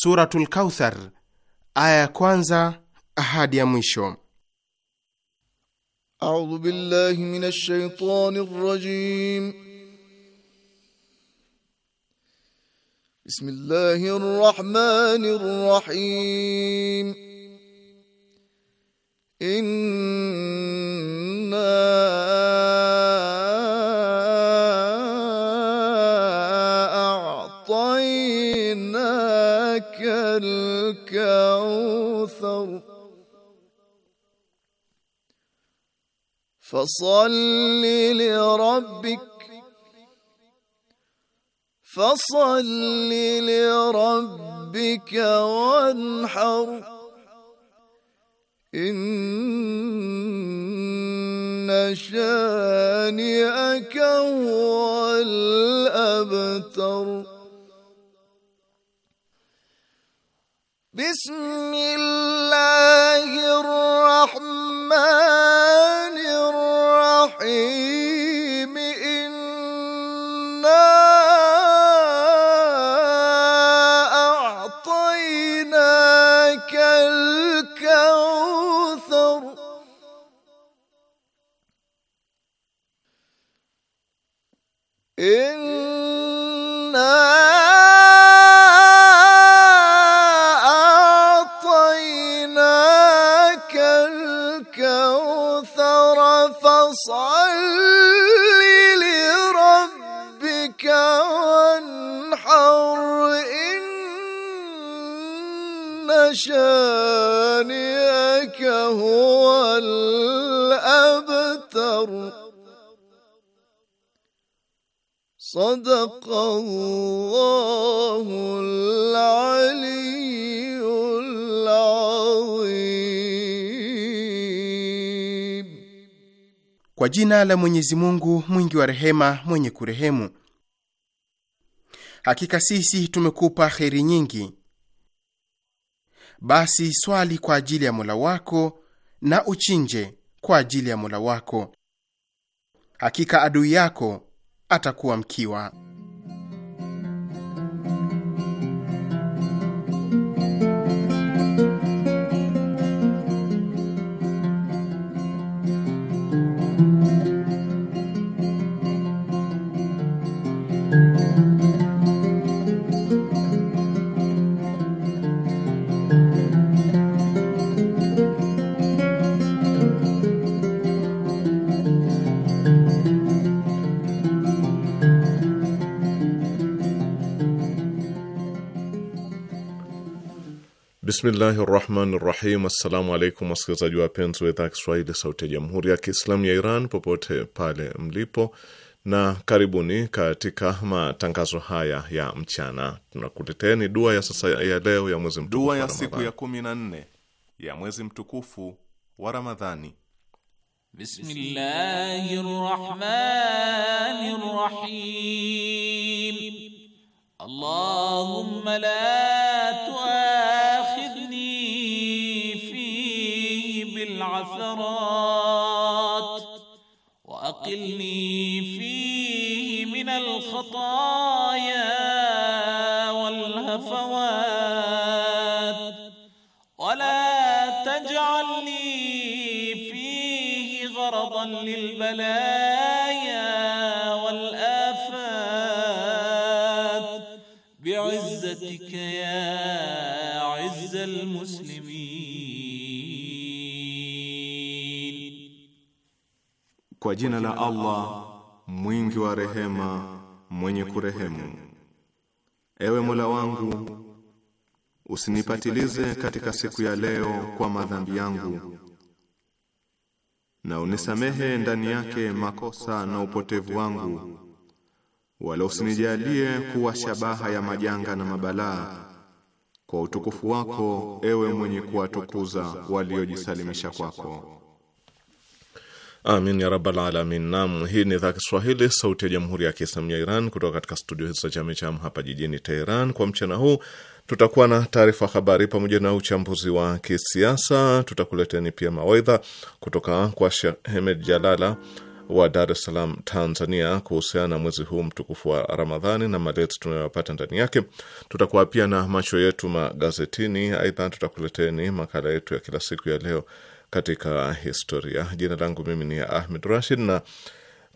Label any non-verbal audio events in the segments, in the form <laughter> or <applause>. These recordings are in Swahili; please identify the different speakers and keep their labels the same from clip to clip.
Speaker 1: Suratul Kauthar, aya ya kwanza hadi ya mwisho.
Speaker 2: A'udhu billahi minash shaitani rrajim. Bismillahir rahmanir rahim. In فصل لربك فصل لربك وانحر إن شانئك هو الأبتر بسم الله الرحمن حين الله العلي العظيم
Speaker 1: Kwa jina la Mwenyezi Mungu mwingi wa rehema mwenye kurehemu. Hakika sisi tumekupa kheri nyingi, basi swali kwa ajili ya Mola wako na uchinje kwa ajili ya Mola wako. Hakika adui yako atakuwa mkiwa.
Speaker 3: Bismillahi rahmani rahim. Assalamu alaikum wasikilizaji wapenzi wa idhaa ya Kiswahili sauti ya jamhuri ya Kiislamu ya Iran popote pale mlipo, na karibuni katika matangazo haya ya mchana. Tunakuleteeni dua ya sasa ya leo ya mwezi mtukufu, dua ya siku ya kumi na nne ya mwezi mtukufu wa Ramadhani.
Speaker 2: Bismillahir rahmanir Allahumma la والآفات بعزتك يا عز المسلمين
Speaker 3: Kwa jina la Allah mwingi wa rehema mwenye kurehemu Ewe Mola wangu usinipatilize katika siku ya leo kwa madhambi yangu na unisamehe ndani yake makosa na upotevu wangu, wala usinijalie kuwa shabaha ya majanga na mabalaa, kwa utukufu wako, ewe mwenye kuwatukuza waliojisalimisha kwako. Amin ya rabbal alamin. Naam, hii ni idhaa Kiswahili sauti ya jamhuri ya Kiislamu ya Iran kutoka katika studio hizi za Jamejam hapa jijini Teheran kwa mchana huu Tutakuwa na taarifa habari pamoja na uchambuzi wa kisiasa. Tutakuleteni pia mawaidha kutoka kwa Sheikh Hemed Jalala wa Dar es Salaam, Tanzania, kuhusiana na mwezi huu mtukufu wa Ramadhani na malezi tunayoyapata ndani yake. Tutakuwa pia na macho yetu magazetini. Aidha, tutakuleteni makala yetu ya kila siku ya leo katika historia. Jina langu mimi ni Ahmed Rashid na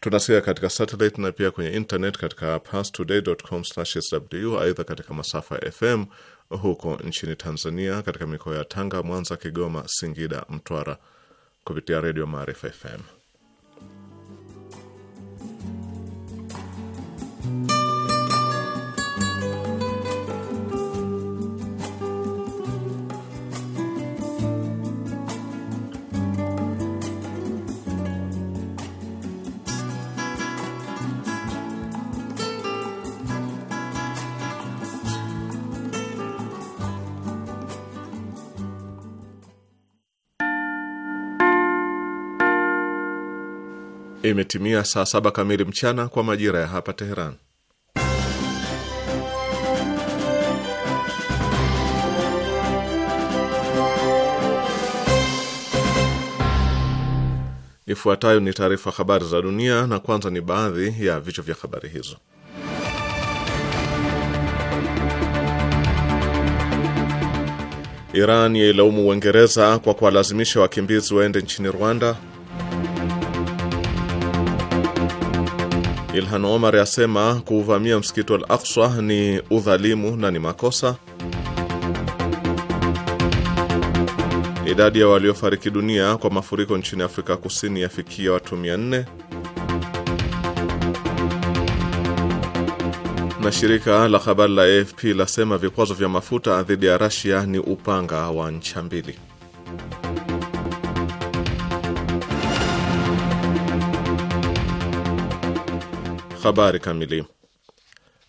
Speaker 3: Tunasikia katika satellite na pia kwenye internet katika pastoday.com/sw. Aidha, katika masafa ya FM huko nchini Tanzania, katika mikoa ya Tanga, Mwanza, Kigoma, Singida, Mtwara, kupitia redio Maarifa FM. imetimia saa saba kamili mchana kwa majira ya hapa Teheran. Ifuatayo ni taarifa habari za dunia, na kwanza ni baadhi ya vichwa vya habari hizo. Iran yailaumu Uingereza kwa kuwalazimisha wakimbizi waende nchini Rwanda. Ilhan Omar asema kuuvamia msikiti Al Aqsa ni udhalimu na ni makosa. Idadi ya waliofariki dunia kwa mafuriko nchini Afrika Kusini yafikia watu 400. Na shirika la habari la AFP lasema vikwazo vya mafuta dhidi ya Russia ni upanga wa ncha mbili. Habari kamili.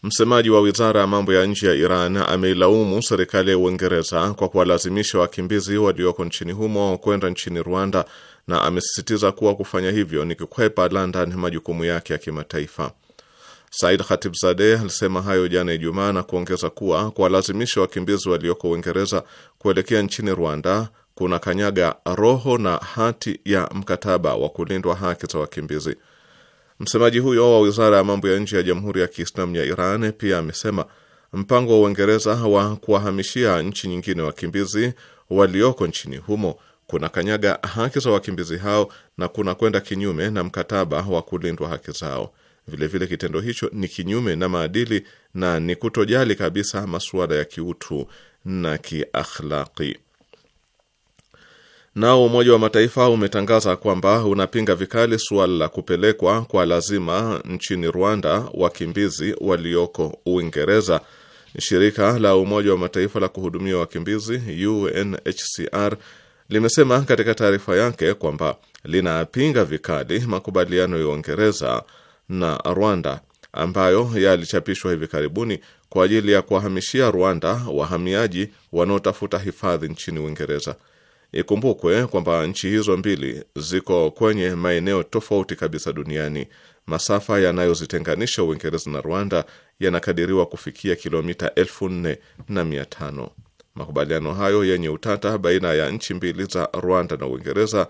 Speaker 3: Msemaji wa wizara ya mambo ya nje ya Iran ameilaumu serikali ya Uingereza kwa kuwalazimisha wakimbizi walioko nchini humo kwenda nchini Rwanda, na amesisitiza kuwa kufanya hivyo ni kukwepa London majukumu yake ya kimataifa. Said Khatibzadeh alisema hayo jana Ijumaa na kuongeza kuwa kuwalazimisha wakimbizi walioko Uingereza kuelekea nchini Rwanda kuna kanyaga roho na hati ya mkataba wa kulindwa haki za wakimbizi. Msemaji huyo wa wizara ya mambo ya nje ya Jamhuri ya Kiislamu ya Iran pia amesema mpango wa Uingereza wa kuwahamishia nchi nyingine wakimbizi walioko nchini humo kuna kanyaga haki za wakimbizi hao na kuna kwenda kinyume na mkataba wa kulindwa haki zao. Vilevile vile kitendo hicho ni kinyume na maadili na ni kutojali kabisa masuala ya kiutu na kiakhlaki. Nao Umoja wa Mataifa umetangaza kwamba unapinga vikali suala la kupelekwa kwa lazima nchini Rwanda wakimbizi walioko Uingereza. Shirika la Umoja wa Mataifa la kuhudumia wakimbizi UNHCR limesema katika taarifa yake kwamba linapinga vikali makubaliano ya Uingereza na Rwanda ambayo yalichapishwa hivi karibuni kwa ajili ya kuwahamishia Rwanda wahamiaji wanaotafuta hifadhi nchini Uingereza. Ikumbukwe kwamba nchi hizo mbili ziko kwenye maeneo tofauti kabisa duniani. Masafa yanayozitenganisha Uingereza na Rwanda yanakadiriwa kufikia kilomita elfu nne na mia tano. Makubaliano hayo yenye utata baina ya nchi mbili za Rwanda na Uingereza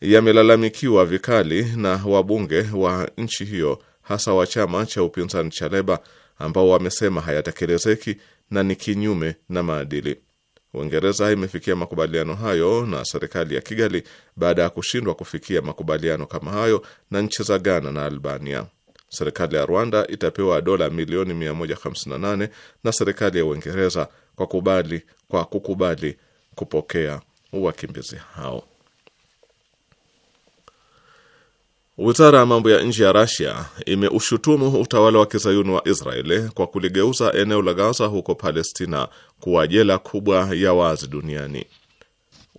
Speaker 3: yamelalamikiwa vikali na wabunge wa nchi hiyo, hasa wa chama cha upinzani cha Leba, ambao wamesema hayatekelezeki na ni kinyume na maadili. Uingereza imefikia makubaliano hayo na serikali ya Kigali baada ya kushindwa kufikia makubaliano kama hayo na nchi za Ghana na Albania. Serikali ya Rwanda itapewa dola milioni 158 na serikali ya Uingereza kwa kubali, kwa kukubali kupokea wakimbizi hao. Wizara ya mambo ya nje ya Rasia imeushutumu utawala wa kizayuni wa Israeli kwa kuligeuza eneo la Gaza huko Palestina kuwa jela kubwa ya wazi duniani.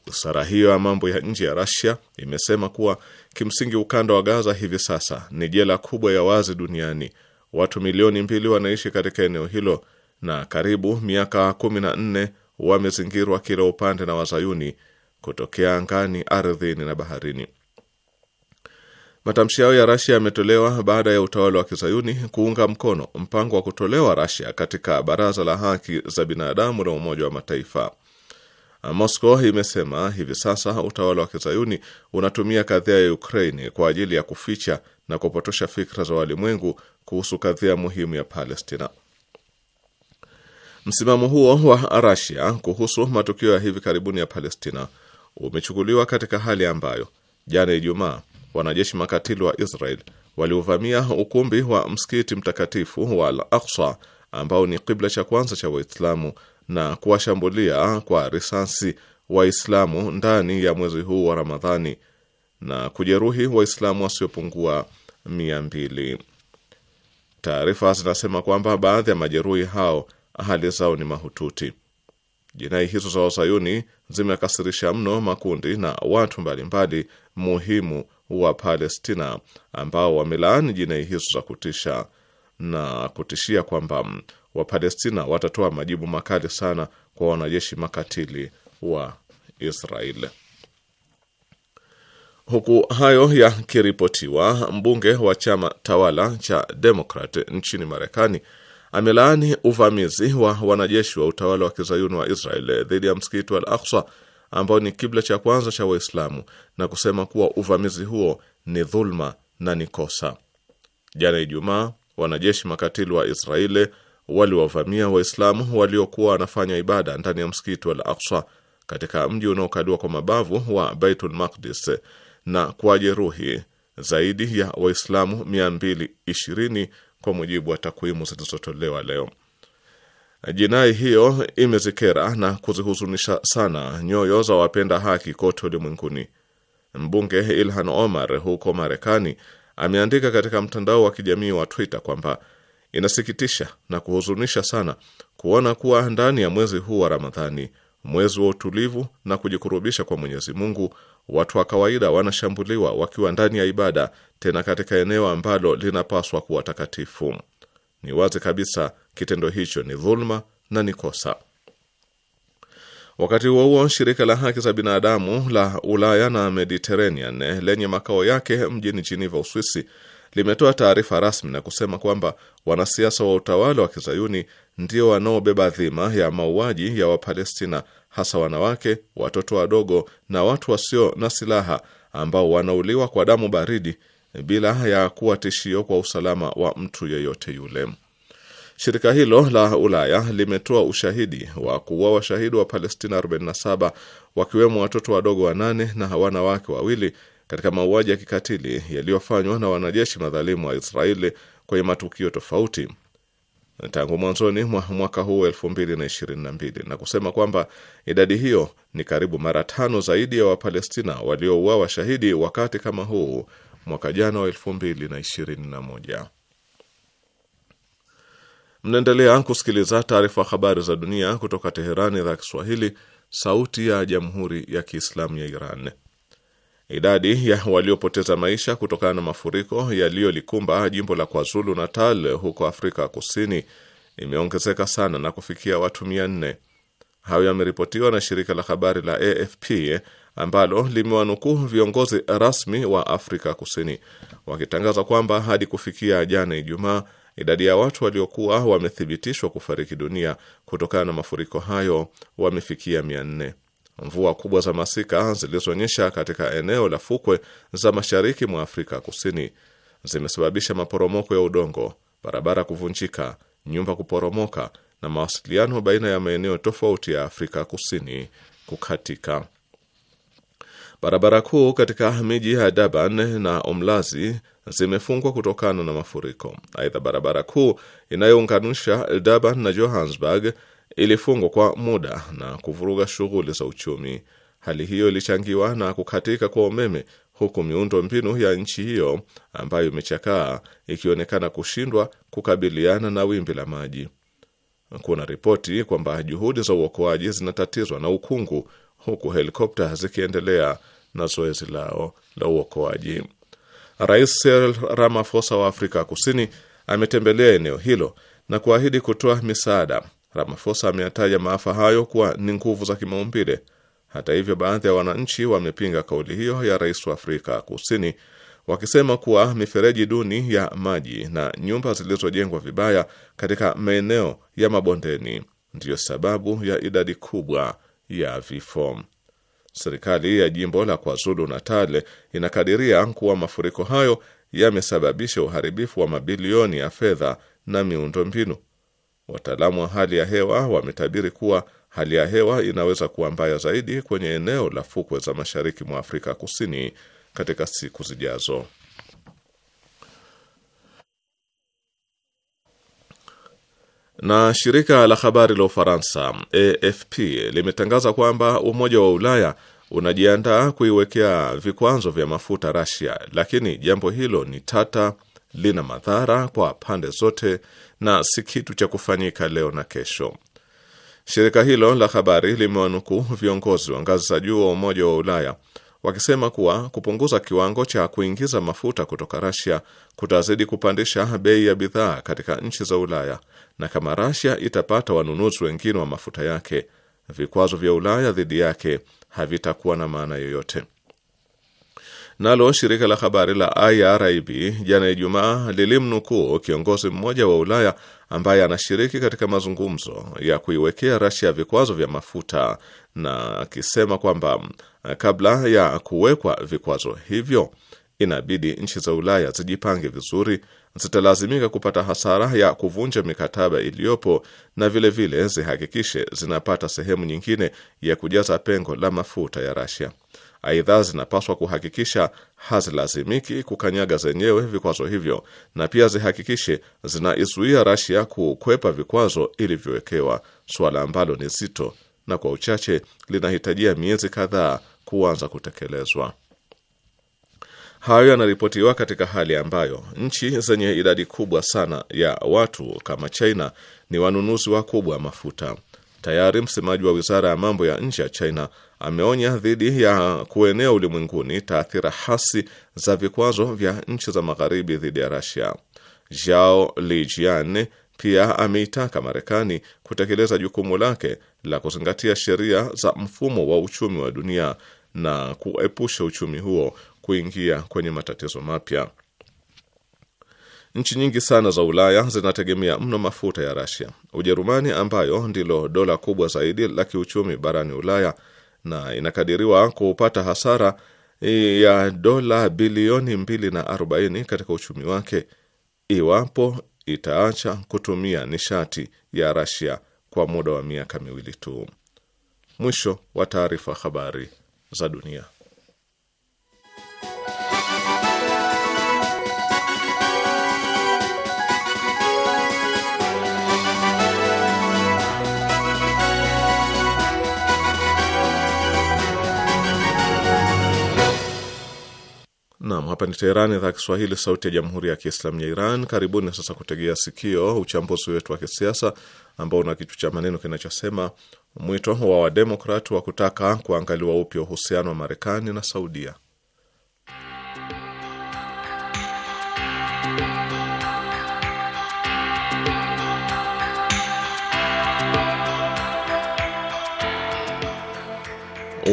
Speaker 3: Wizara hiyo ya mambo ya nje ya Rasia imesema kuwa kimsingi ukanda wa Gaza hivi sasa ni jela kubwa ya wazi duniani. Watu milioni mbili wanaishi katika eneo hilo na karibu miaka 14 wamezingirwa kila upande na wazayuni kutokea angani, ardhini na baharini. Matamshi hayo ya Rasia yametolewa baada ya utawala wa kizayuni kuunga mkono mpango wa kutolewa Rasia katika Baraza la Haki za Binadamu la Umoja wa Mataifa. Moscow imesema hivi sasa utawala wa kizayuni unatumia kadhia ya ukraini kwa ajili ya kuficha na kupotosha fikra za walimwengu kuhusu kadhia muhimu ya Palestina. Msimamo huo wa Rasia kuhusu matukio ya hivi karibuni ya Palestina umechukuliwa katika hali ambayo jana Ijumaa wanajeshi makatili wa Israel waliuvamia ukumbi wa msikiti mtakatifu wa Al Aqsa ambao ni kibla cha kwanza cha Waislamu na kuwashambulia kwa risasi Waislamu ndani ya mwezi huu wa Ramadhani na kujeruhi Waislamu wasiopungua mia mbili. Taarifa zinasema kwamba baadhi ya majeruhi hao hali zao ni mahututi. Jinai hizo za wazayuni zimekasirisha mno makundi na watu mbalimbali muhimu wa Palestina ambao wamelaani jinai hizo za kutisha na kutishia kwamba Wapalestina watatoa majibu makali sana kwa wanajeshi makatili wa israel Huku hayo yakiripotiwa, mbunge wa chama tawala cha Demokrat nchini Marekani amelaani uvamizi wa wanajeshi wa utawala wa kizayuni wa israel dhidi ya msikiti wa al Aksa ambao ni kibla cha kwanza cha Waislamu na kusema kuwa uvamizi huo ni dhulma na ni kosa. Jana Ijumaa, wanajeshi makatili wa Israeli waliwavamia Waislamu waliokuwa wanafanya ibada ndani ya msikiti wa Al-Aqsa katika mji unaokaliwa kwa mabavu wa Baitul Maqdis na kuwajeruhi zaidi ya Waislamu 220 kwa mujibu wa takwimu zilizotolewa leo. Jinai hiyo imezikera na kuzihuzunisha sana nyoyo za wapenda haki kote ulimwenguni. Mbunge Ilhan Omar huko Marekani ameandika katika mtandao wa kijamii wa Twitter kwamba inasikitisha na kuhuzunisha sana kuona kuwa ndani ya mwezi huu wa Ramadhani, mwezi wa utulivu na kujikurubisha kwa Mwenyezi Mungu, watu wa kawaida wanashambuliwa wakiwa ndani ya ibada, tena katika eneo ambalo linapaswa kuwa takatifu. Ni wazi kabisa Kitendo hicho ni dhulma na ni kosa. Wakati huo huo, shirika la haki za binadamu la Ulaya na Mediterranean eh, lenye makao yake mjini Geneva, Uswisi, limetoa taarifa rasmi na kusema kwamba wanasiasa wa utawala wa kizayuni ndio wanaobeba dhima ya mauaji ya Wapalestina, hasa wanawake, watoto wadogo na watu wasio na silaha ambao wanauliwa kwa damu baridi bila ya kuwa tishio kwa usalama wa mtu yeyote yule. Shirika hilo la Ulaya limetoa ushahidi wa kuua washahidi wa Palestina 47 wakiwemo watoto wadogo wanane na wanawake wawili katika mauaji ya kikatili yaliyofanywa na wanajeshi madhalimu wa Israeli kwenye matukio tofauti tangu mwanzoni mwa mwaka huu 2022 na kusema kwamba idadi hiyo ni karibu mara tano zaidi ya Wapalestina waliouawa shahidi wakati kama huu mwaka jana wa 2021. Mnaendelea kusikiliza taarifa habari za dunia kutoka Teherani, idhaa ya Kiswahili, sauti ya jamhuri ya kiislamu ya Iran. Idadi ya waliopoteza maisha kutokana na mafuriko yaliyolikumba jimbo la KwaZulu Natal huko Afrika Kusini imeongezeka sana na kufikia watu mia nne. Hayo yameripotiwa na shirika la habari la AFP ambalo limewanukuu viongozi rasmi wa Afrika Kusini wakitangaza kwamba hadi kufikia jana Ijumaa Idadi ya watu waliokuwa wamethibitishwa kufariki dunia kutokana na mafuriko hayo wamefikia mia nne. Mvua kubwa za masika zilizonyesha katika eneo la fukwe za mashariki mwa Afrika Kusini zimesababisha maporomoko ya udongo, barabara kuvunjika, nyumba kuporomoka na mawasiliano baina ya maeneo tofauti ya Afrika Kusini kukatika. Barabara kuu katika miji ya Daban na Omlazi zimefungwa kutokana na mafuriko. Aidha, barabara kuu inayounganisha Daban na Johannesburg ilifungwa kwa muda na kuvuruga shughuli za uchumi. Hali hiyo ilichangiwa na kukatika kwa umeme, huku miundo mbinu ya nchi hiyo ambayo imechakaa ikionekana kushindwa kukabiliana na wimbi la maji. Kuna ripoti kwamba juhudi za uokoaji zinatatizwa na ukungu huku helikopta zikiendelea na zoezi lao la uokoaji. Rais Cyril Ramaphosa wa Afrika Kusini ametembelea eneo hilo na kuahidi kutoa misaada. Ramaphosa ameyataja maafa hayo kuwa ni nguvu za kimaumbile. Hata hivyo, baadhi ya wananchi wamepinga kauli hiyo ya rais wa Afrika Kusini wakisema kuwa mifereji duni ya maji na nyumba zilizojengwa vibaya katika maeneo ya mabondeni ndiyo sababu ya idadi kubwa ya vifo. Serikali ya jimbo la KwaZulu Natal inakadiria kuwa mafuriko hayo yamesababisha uharibifu wa mabilioni ya fedha na miundo mbinu Wataalamu wa hali ya hewa wametabiri kuwa hali ya hewa inaweza kuwa mbaya zaidi kwenye eneo la fukwe za mashariki mwa Afrika Kusini katika siku zijazo. Na shirika la habari la Ufaransa AFP limetangaza kwamba Umoja wa Ulaya unajiandaa kuiwekea vikwazo vya mafuta Russia, lakini jambo hilo ni tata, lina madhara kwa pande zote na si kitu cha kufanyika leo na kesho. Shirika hilo la habari limewanukuu viongozi wa ngazi za juu wa Umoja wa Ulaya wakisema kuwa kupunguza kiwango cha kuingiza mafuta kutoka Rasia kutazidi kupandisha bei ya bidhaa katika nchi za Ulaya, na kama Rasia itapata wanunuzi wengine wa mafuta yake, vikwazo vya Ulaya dhidi yake havitakuwa na maana yoyote. Nalo shirika la habari la IRIB jana Ijumaa lilimnukuu kiongozi mmoja wa Ulaya ambaye anashiriki katika mazungumzo ya kuiwekea Rasia vikwazo vya mafuta na akisema kwamba Eh, kabla ya kuwekwa vikwazo hivyo, inabidi nchi za Ulaya zijipange vizuri, zitalazimika kupata hasara ya kuvunja mikataba iliyopo na vilevile vile zihakikishe zinapata sehemu nyingine ya kujaza pengo la mafuta ya Rasia. Aidha, zinapaswa kuhakikisha hazilazimiki kukanyaga zenyewe vikwazo hivyo, na pia zihakikishe zinaizuia Rasia kukwepa vikwazo ilivyowekewa, suala ambalo ni zito na kwa uchache linahitajia miezi kadhaa kuanza kutekelezwa. Hayo yanaripotiwa katika hali ambayo nchi zenye idadi kubwa sana ya watu kama China ni wanunuzi wakubwa wa mafuta. Tayari msemaji wa wizara ya mambo ya nje ya China ameonya dhidi ya kuenea ulimwenguni taathira hasi za vikwazo vya nchi za magharibi dhidi ya Russia. Zhao Lijian pia ameitaka Marekani kutekeleza jukumu lake la kuzingatia sheria za mfumo wa uchumi wa dunia na kuepusha uchumi huo kuingia kwenye matatizo mapya. Nchi nyingi sana za Ulaya zinategemea mno mafuta ya Rasia. Ujerumani ambayo ndilo dola kubwa zaidi la kiuchumi barani Ulaya na inakadiriwa kupata hasara ya dola bilioni mbili na arobaini katika uchumi wake iwapo itaacha kutumia nishati ya Rasia kwa muda wa miaka miwili tu. Mwisho wa taarifa. Habari za dunia. Hapa ni Teherani, idhaa Kiswahili, sauti ya jamhuri ya kiislamu ya Iran. Karibuni sasa kutegea sikio uchambuzi wetu wa kisiasa ambao una kichwa cha maneno kinachosema mwito wa wademokrat wa kutaka kuangaliwa upya uhusiano wa Marekani na Saudia.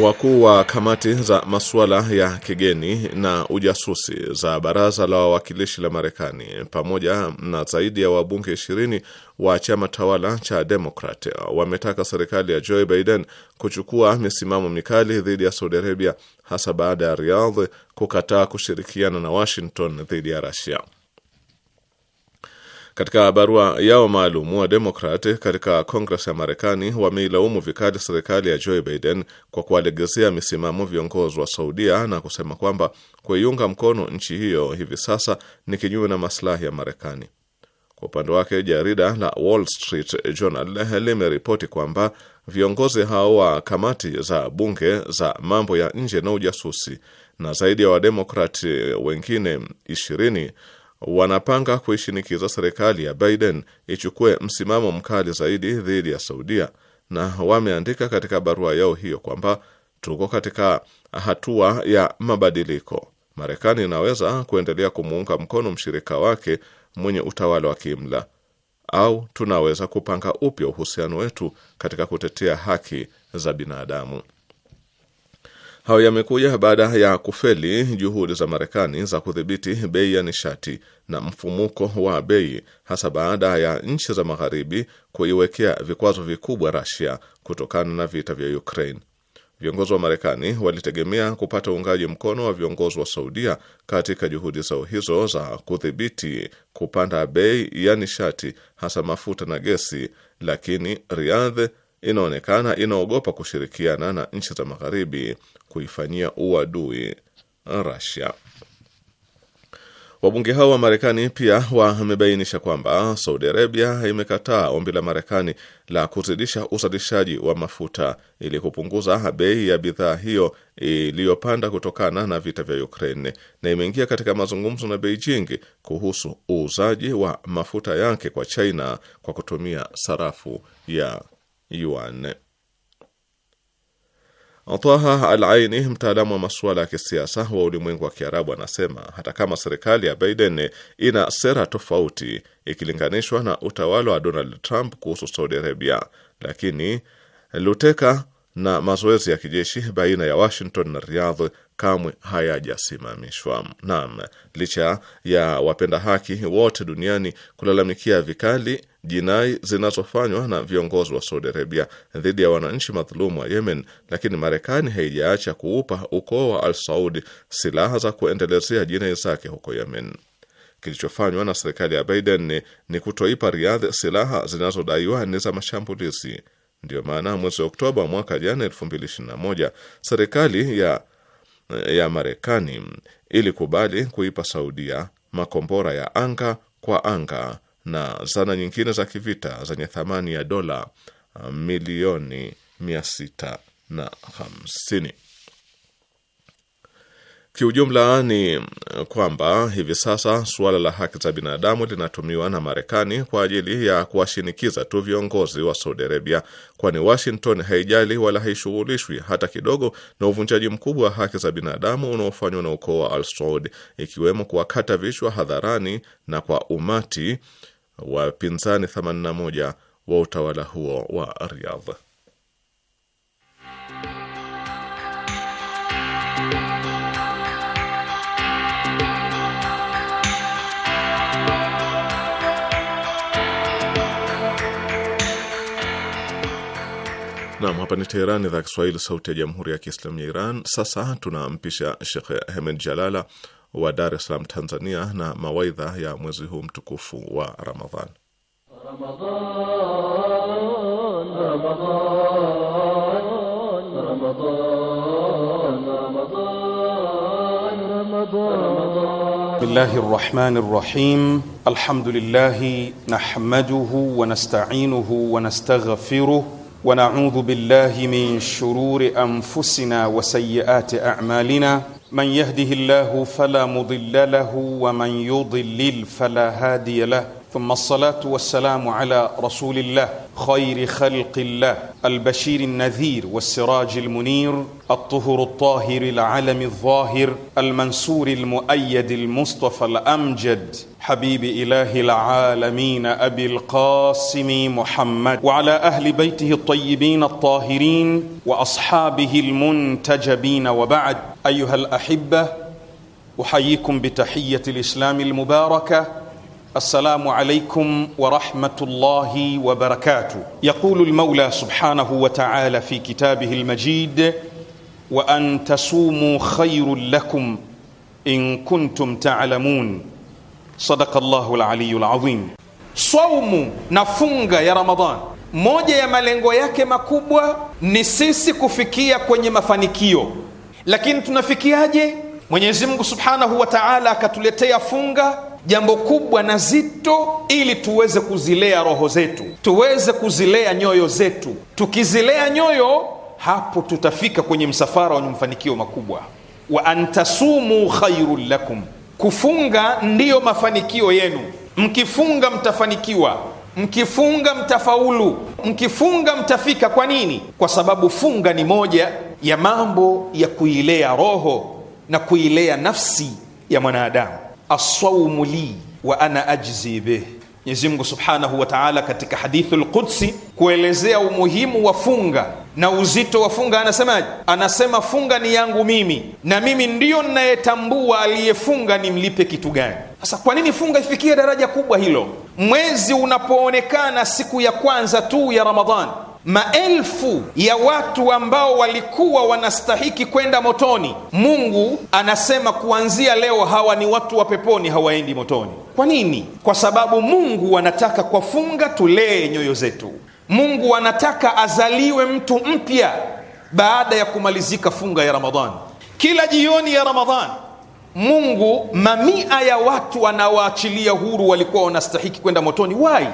Speaker 3: Wakuu wa kamati za masuala ya kigeni na ujasusi za baraza la wawakilishi la Marekani pamoja na zaidi ya wabunge ishirini wa chama tawala cha Demokrat wametaka serikali ya Joe Biden kuchukua misimamo mikali dhidi ya Saudi Arabia, hasa baada ya Riyadh kukataa kushirikiana na Washington dhidi ya Rasia. Katika barua yao maalum wa Demokrat katika Kongres ya Marekani wameilaumu vikali serikali ya Joe Biden kwa kuwalegezea misimamo viongozi wa Saudia na kusema kwamba kuiunga mkono nchi hiyo hivi sasa ni kinyume na maslahi ya Marekani. Kwa upande wake, jarida la Wall Street Journal limeripoti kwamba viongozi hao wa kamati za bunge za mambo ya nje na ujasusi na zaidi ya Wademokrati wengine ishirini wanapanga kuishinikiza serikali ya Biden ichukue msimamo mkali zaidi dhidi ya Saudia, na wameandika katika barua yao hiyo kwamba tuko katika hatua ya mabadiliko. Marekani inaweza kuendelea kumuunga mkono mshirika wake mwenye utawala wa kiimla au tunaweza kupanga upya uhusiano wetu katika kutetea haki za binadamu. Hayo yamekuja baada ya kufeli juhudi za Marekani za kudhibiti bei ya nishati na mfumuko wa bei, hasa baada ya nchi za magharibi kuiwekea vikwazo vikubwa Russia kutokana na vita vya Ukraine. Viongozi wa Marekani walitegemea kupata uungaji mkono wa viongozi wa Saudia katika juhudi zao hizo za kudhibiti kupanda bei ya nishati, hasa mafuta na gesi, lakini Riyadh inaonekana inaogopa kushirikiana na nchi za magharibi kuifanyia uadui Russia. Wabunge hao wa Marekani pia wamebainisha kwamba Saudi Arabia imekataa ombi la Marekani la kuzidisha uzalishaji wa mafuta ili kupunguza bei ya bidhaa hiyo iliyopanda kutokana na vita vya Ukraine, na imeingia katika mazungumzo na Beijing kuhusu uuzaji wa mafuta yake kwa China kwa kutumia sarafu ya yuan. Taha Al-Aini, mtaalamu wa masuala ya kisiasa wa ulimwengu wa Kiarabu, anasema hata kama serikali ya Biden ina sera tofauti ikilinganishwa na utawala wa Donald Trump kuhusu Saudi Arabia, lakini luteka na mazoezi ya kijeshi baina ya Washington na Riyadh kamwe hayajasimamishwa. Naam, licha ya wapenda haki wote duniani kulalamikia vikali jinai zinazofanywa na viongozi wa Saudi Arabia dhidi ya wananchi madhulumu wa Yemen, lakini Marekani haijaacha kuupa ukoo wa Al Saudi silaha za kuendelezea jinai zake huko Yemen. Kilichofanywa na serikali ya Biden ni, ni kutoipa Riyadh silaha zinazodaiwa ni za mashambulizi. Ndiyo maana mwezi Oktoba mwaka jana 2021 serikali ya ya Marekani ilikubali kuipa Saudia makombora ya anga kwa anga na zana nyingine za kivita zenye thamani ya dola uh, milioni 650. Kiujumla ni eh, kwamba hivi sasa suala la haki za binadamu linatumiwa na Marekani kwa ajili ya kuwashinikiza tu viongozi wa Saudi Arabia, kwani Washington haijali wala haishughulishwi hata kidogo na uvunjaji mkubwa wa haki za binadamu unaofanywa na ukoo wa Al Saud, ikiwemo kuwakata vichwa hadharani na kwa umati wapinzani 81 wa utawala huo wa Riyadh. Nam, hapa ni Teheran, idhaa Kiswahili, sauti ya jamhuri ya kiislamu ya Iran. Sasa tunampisha Shekh Ahmed Jalala wa Dar es Salaam, Tanzania, na mawaidha ya mwezi huu mtukufu wa Ramadhan.
Speaker 4: Ramadhan, Ramadhan, Ramadhan, Ramadhan, Ramadhan.
Speaker 5: Bismillahi rahmani rahim. Alhamdulillahi nahmaduhu wa nasta'inuhu wa nastaghfiruh ونعوذ بالله من شرور أنفسنا وسيئات أعمالنا من يهده الله فلا مضل له ومن يضلل فلا هادي له ثم الصلاه والسلام على رسول الله خير خلق الله البشير النذير والسراج المنير الطهر الطاهر العلم الظاهر المنصور المؤيد المصطفى الامجد حبيب اله العالمين ابي القاسم محمد وعلى اهل بيته الطيبين الطاهرين واصحابه المنتجبين وبعد ايها الاحبه احييكم بتحيه الاسلام المباركه Assalamu alaikum warahmatullahi wabarakatuh. Yaqulu lmaula subhanahu wa taala fi kitabihi lmajid wa an tasumuu khairun lakum in kuntum talamun, sadaka llahu laliyu lazim. Saumu na funga ya Ramadhan, moja ya malengo yake makubwa ni sisi kufikia kwenye mafanikio. Lakini tunafikiaje? Mwenyezi Mungu subhanahu wa taala akatuletea funga jambo kubwa na zito, ili tuweze kuzilea roho zetu, tuweze kuzilea nyoyo zetu. Tukizilea nyoyo, hapo tutafika kwenye msafara wenye mafanikio makubwa. Wa antasumu khairun lakum, kufunga ndiyo mafanikio yenu. Mkifunga mtafanikiwa, mkifunga mtafaulu, mkifunga mtafika. Kwa nini? Kwa sababu funga ni moja ya mambo ya kuilea roho na kuilea nafsi ya mwanadamu assaumu li wa ana ajzi bih. Mwenyezi Mungu Subhanahu wa Ta'ala katika hadithul Qudsi kuelezea umuhimu wa funga na uzito wa funga anasemaje? Anasema funga ni yangu mimi na mimi ndiyo ninayetambua aliyefunga nimlipe kitu gani. Sasa kwa nini funga ifikie daraja kubwa hilo? Mwezi unapoonekana siku ya kwanza tu ya Ramadhani maelfu ya watu ambao walikuwa wanastahiki kwenda motoni. Mungu anasema kuanzia leo hawa ni watu wa peponi, hawaendi motoni. Kwa nini? Kwa sababu Mungu anataka kwa funga tulee nyoyo zetu. Mungu anataka azaliwe mtu mpya baada ya kumalizika funga ya Ramadhani. Kila jioni ya Ramadhani Mungu mamia ya watu anawaachilia huru walikuwa wanastahiki kwenda motoni. Wai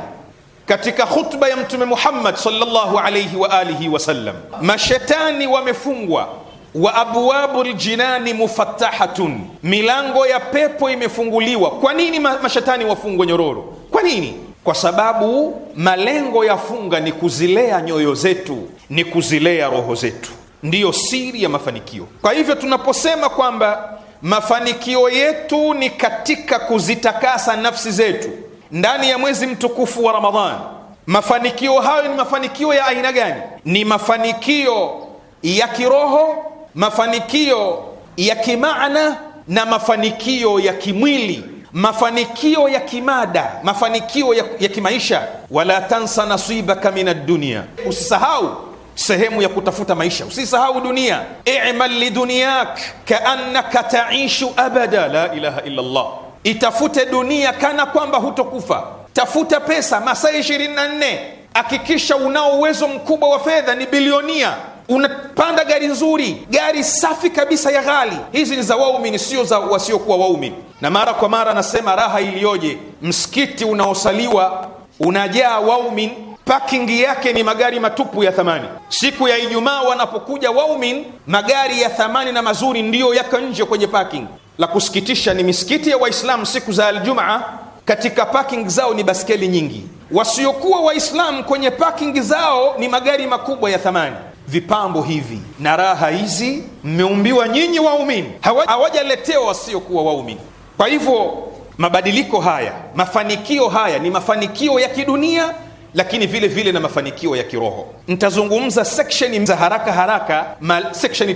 Speaker 5: katika khutba ya Mtume Muhammad sallallahu alayhi wa alihi sallam, mashetani wamefungwa wa abwabu ljinani mufattahatun, milango ya pepo imefunguliwa. Kwa nini mashetani wafungwe nyororo? Kwa nini? Kwa sababu malengo ya funga ni kuzilea nyoyo zetu, ni kuzilea roho zetu, ndiyo siri ya mafanikio. Kwa hivyo tunaposema kwamba mafanikio yetu ni katika kuzitakasa nafsi zetu ndani ya mwezi mtukufu wa Ramadhani. Mafanikio hayo ni mafanikio ya aina gani? Ni mafanikio ya kiroho, mafanikio ya kimaana na mafanikio ya kimwili, mafanikio ya kimada, mafanikio ya, ya kimaisha. Wala tansa nasibaka minad dunya, usisahau sehemu ya kutafuta maisha, usisahau dunia. I'mal lidunyak kaannaka taishu abada la ilaha illa Allah itafute dunia kana kwamba hutokufa. Tafuta pesa masaa ishirini na nne, hakikisha unao uwezo mkubwa wa fedha, ni bilionia unapanda gari nzuri, gari safi kabisa ya ghali. Hizi ni za waumini, sio za wasiokuwa waumini. Na mara kwa mara anasema raha iliyoje, msikiti unaosaliwa unajaa waumini, parking yake ni magari matupu ya thamani. Siku ya Ijumaa wanapokuja waumini, magari ya thamani na mazuri ndiyo yako nje kwenye parking. La kusikitisha ni misikiti ya Waislamu siku za Aljumaa katika parking zao ni baskeli nyingi, wasiokuwa Waislamu kwenye parking zao ni magari makubwa ya thamani. Vipambo hivi na raha hizi mmeumbiwa nyinyi waumini, hawajaletewa wasiokuwa waumini. Kwa hivyo mabadiliko haya, mafanikio haya ni mafanikio ya kidunia lakini vile vile na mafanikio ya kiroho. ntazungumza sekshen za haraka haraka ma,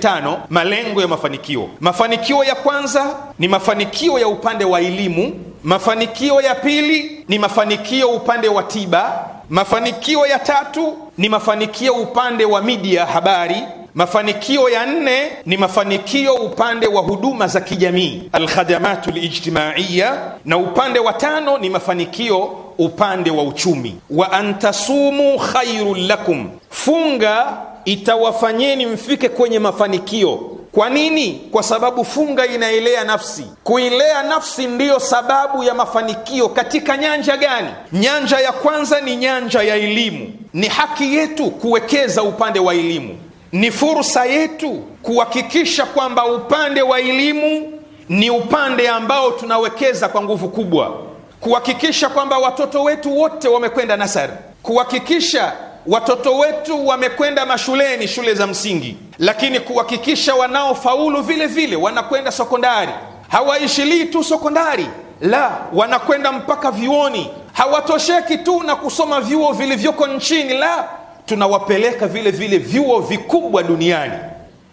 Speaker 5: tano, malengo ya mafanikio. Mafanikio ya kwanza ni mafanikio ya upande wa elimu, mafanikio ya pili ni mafanikio upande wa tiba, mafanikio ya tatu ni mafanikio upande wa midia habari Mafanikio ya nne ni mafanikio upande wa huduma za kijamii, alkhadamatu lijtimaiya, na upande wa tano ni mafanikio upande wa uchumi. Wa antasumu khairun lakum, funga itawafanyeni mfike kwenye mafanikio. Kwa nini? Kwa sababu funga inailea nafsi. Kuilea nafsi ndiyo sababu ya mafanikio. Katika nyanja gani? Nyanja ya kwanza ni nyanja ya elimu. Ni haki yetu kuwekeza upande wa elimu ni fursa yetu kuhakikisha kwamba upande wa elimu ni upande ambao tunawekeza kwa nguvu kubwa, kuhakikisha kwamba watoto wetu wote wamekwenda nasari, kuhakikisha watoto wetu wamekwenda mashuleni, shule za msingi, lakini kuhakikisha wanaofaulu vile vile wanakwenda sekondari. Hawaishilii tu sekondari, la, wanakwenda mpaka vyuoni. Hawatosheki tu na kusoma vyuo vilivyoko nchini, la tunawapeleka vile vile vyuo vikubwa duniani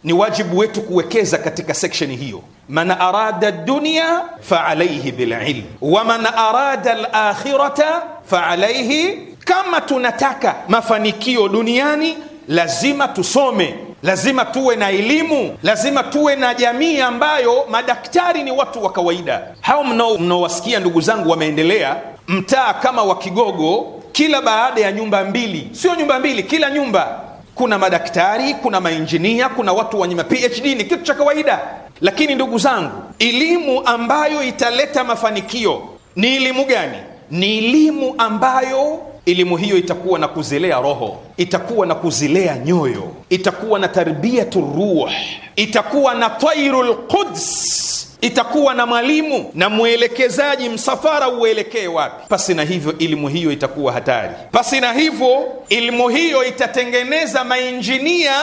Speaker 5: ni wajibu wetu kuwekeza katika section hiyo man arada dunya faalaihi bililm waman arada lakhirata faalaihi kama tunataka mafanikio duniani lazima tusome lazima tuwe na elimu lazima tuwe na jamii ambayo madaktari ni watu wa kawaida hao mnaowasikia ndugu zangu wameendelea mtaa kama wa Kigogo, kila baada ya nyumba mbili, sio nyumba mbili, kila nyumba kuna madaktari, kuna mainjinia, kuna watu wenye PhD. Ni kitu cha kawaida, lakini ndugu zangu, elimu ambayo italeta mafanikio ni elimu gani? Ni elimu ambayo elimu hiyo itakuwa na kuzilea roho, itakuwa na kuzilea nyoyo, itakuwa na tarbiyatu ruh, itakuwa na tairu lquds itakuwa na mwalimu na mwelekezaji, msafara uelekee wapi. Pasi na hivyo, elimu hiyo itakuwa hatari. Pasi na hivyo, elimu hiyo itatengeneza mainjinia,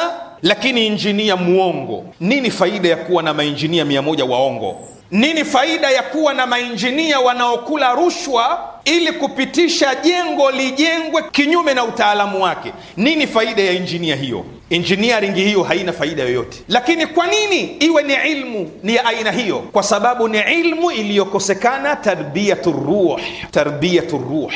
Speaker 5: lakini injinia mwongo. Nini faida ya kuwa na mainjinia mia moja waongo? Nini faida ya kuwa na mainjinia wanaokula rushwa ili kupitisha jengo lijengwe kinyume na utaalamu wake? Nini faida ya injinia hiyo? Engineering hiyo haina faida yoyote. Lakini kwa nini iwe ni ilmu ni ya aina hiyo? Kwa sababu ni ilmu iliyokosekana tarbiyatu ruh, tarbiyatu ruh